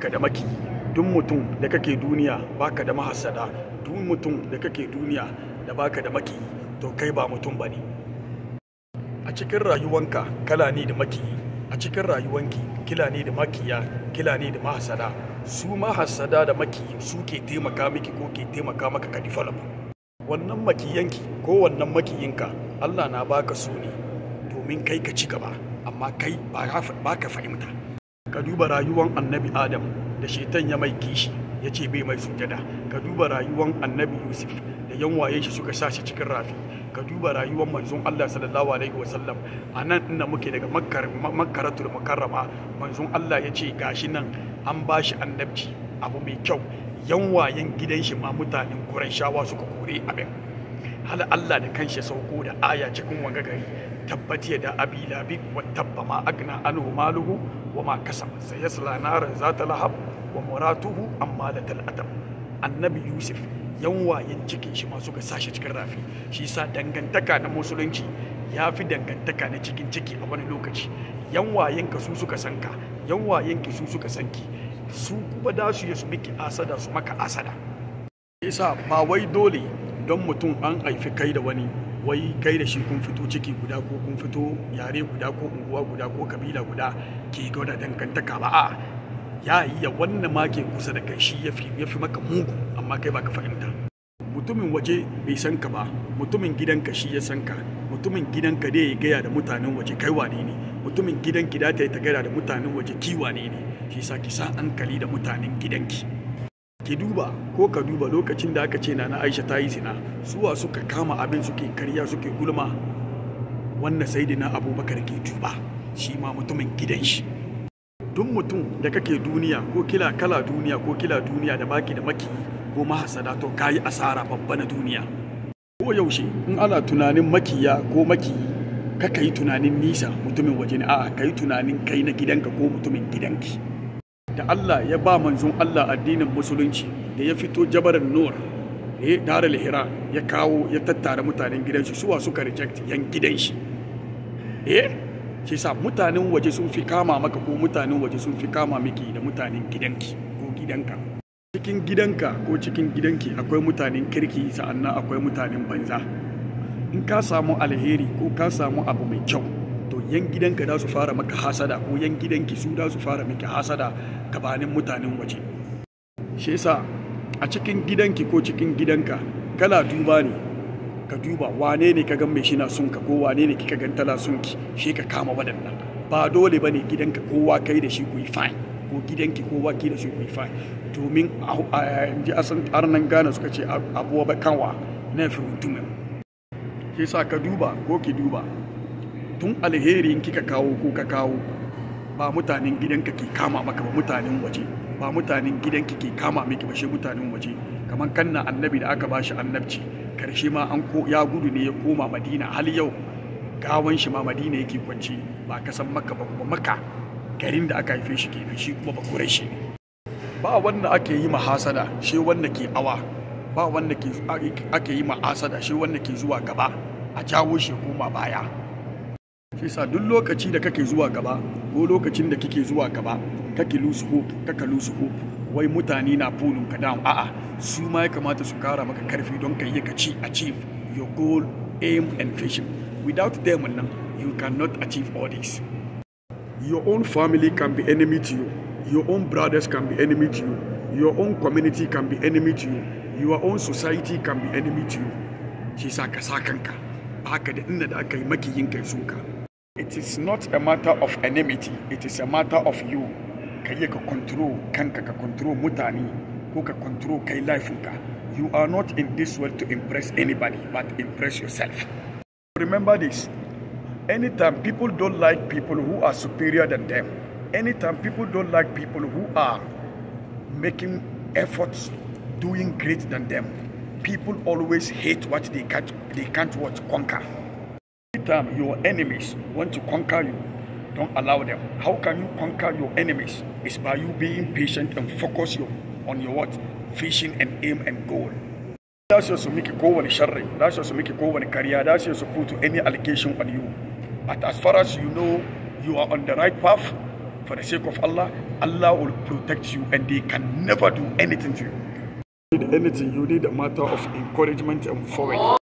ka da maki duk mutum da kake duniya baka da mahasada duk mutum da kake duniya da baka da maki to kai ba mutum ba ne. a cikin rayuwanka kala ne da maki a cikin rayuwanki kila ne da makiya kila ne da mahasada su mahasada da maki su ke taimaka miki ko ke taimaka maka ka develop wannan makiyanki ko wannan makiyinka Allah na baka su ne domin kai ka ci gaba amma kai ba ka fahimta ka duba rayuwan annabi adam da shaitan ya mai kishi ya ce bai mai sujada ka duba rayuwan annabi yusuf da yanwaye shi suka sa shi cikin rafi ka duba rayuwar manzon Allah sallallahu alaihi wasallam a nan inda muke daga makkaratul mukarrama manzon Allah ya ce gashi nan an ba shi annabci abu mai kyau yanwayen gidan shi ma mutanen Qurayshawa suka kore abin hal Allah da kanshi sauko da aya cikin wanga gari tabbati da abi labi wa tabba ma agna anhu maluhu wa ma kasab sayasla zata lahab wa muratuhu amma ammalatal atab annabi yusuf yan wayan cikin shi ma suka sashi cikin rafi shi sa dangantaka na musulunci ya fi dangantaka na cikin ciki a wani lokaci yan wayan ka su suka sanka yan wayan ki su suka sanki su kuma da su ya su miki asada su maka asada sa ba wai dole don mutum an haifi kai da wani wai kai da shi kun fito ciki guda ko kun fito yare guda ko unguwa guda ko kabila guda ke gwada dangantaka ba a ya iya wannan ma ke kusa da kai shi ya fi maka mugu amma kai baka fahimta mutumin waje bai san ka ba mutumin gidanka shi ya san ka mutumin gidanka dai ya gaya da mutanen waje kai wane ne mutumin gidanki da ta yi ta gaya da mutanen waje ki wane ne shi sa ki san hankali da mutanen gidanki ki duba ko ka duba lokacin da aka ce na na aisha ta yi zina suwa suka kama abin suke karya suke gulma wannan sai na abubakar ke duba shi ma mutumin gidan shi duk mutum da kake duniya ko kila kala duniya ko kila duniya da baki da maki ko mahasada to kayi asara babba na duniya ko yaushe in ana tunanin makiya ko maki ka yi tunanin nisa mutumin waje ne a'a kai tunanin kai na gidanka ko mutumin gidanki da Allah ya ba manzon Allah addinin musulunci da ya fito jabarin nur da eh, ya dara lahira ya kawo ya tattara mutanen gidan shi suwa suka reject yan gidan shi eh shi sa mutanen waje sun fi kama maka ko mutanen waje sun fi kama miki da mutanen gidanki ko gidanka cikin gidanka ko cikin gidanki akwai mutanen kirki sa'annan akwai mutanen banza in ka samu alheri ko ka samu abu mai kyau yan gidanka za su fara maka hasada ko yan gidanki su za su fara maka hasada gabanin mutanen waje shi yasa a cikin gidanki ko cikin gidanka kana duba ne ka duba wane ne ka gan mai shi na ka ko wane ne kika gan tana ki shi ka kama waɗannan ba dole bane gidanka kowa kai da shi ku yi fine ko gidanki kowa ki da shi ku yi fine domin a san arnan gane suka ce abuwa kanwa na fi mutumin shi sa ka duba ko ki duba tun alheri in kika kawo ko ka kawo ba mutanen gidanka ke kama maka ba mutanen waje ba mutanen gidanka ke kama miki ba shi mutanen waje kamar kanna annabi da aka bashi annabci karshe ma an ko ya gudu ne ya koma madina hal yau gawan shi ma madina yake kwanci ba kasan maka ba kuma maka garin da aka haife shi ke shi kuma ba shi ne ba wanda ake yi mahasada shi wanda ke awa ba wanda ake yi ma'asada shi wanda ke zuwa gaba a jawo shi koma baya shi sa duk lokaci da kake zuwa gaba ko lokacin da kike zuwa gaba kake lose hope kaka lose hope wai mutane na pulling ka down a'a su ma ya kamata su kara maka karfi don ka yi ka ci achieve your goal aim and vision without them nan you cannot achieve all this your own family can be enemy to you your own brothers can be enemy to you your own community can be enemy to you your own society can be enemy to you shi sa ka sa kanka haka da inda da aka yi makiyin kai suka It is not a matter of enmity, it is a matter of you. Kaya ko ka control kanka, ka control mutani, kuka control kai laifinka. You are not in this world to impress anybody, but impress yourself. Remember this. Anytime people don't like people who are superior than them, anytime people don't like people who are making efforts, doing great than them, people always hate what they can't, they can't what, conquer. time your enemies want to conquer you, don't allow them. How can you conquer your enemies? It's by you being patient and focus your, on your what? Vision and aim and goal. That's go on kowane sharri, that's go on kowane kariya, that's support put any allegation on you. But as far as you know, you are on the right path, for the sake of Allah, Allah will protect you and they can never do anything to you. You need anything, you need a matter of encouragement and forward.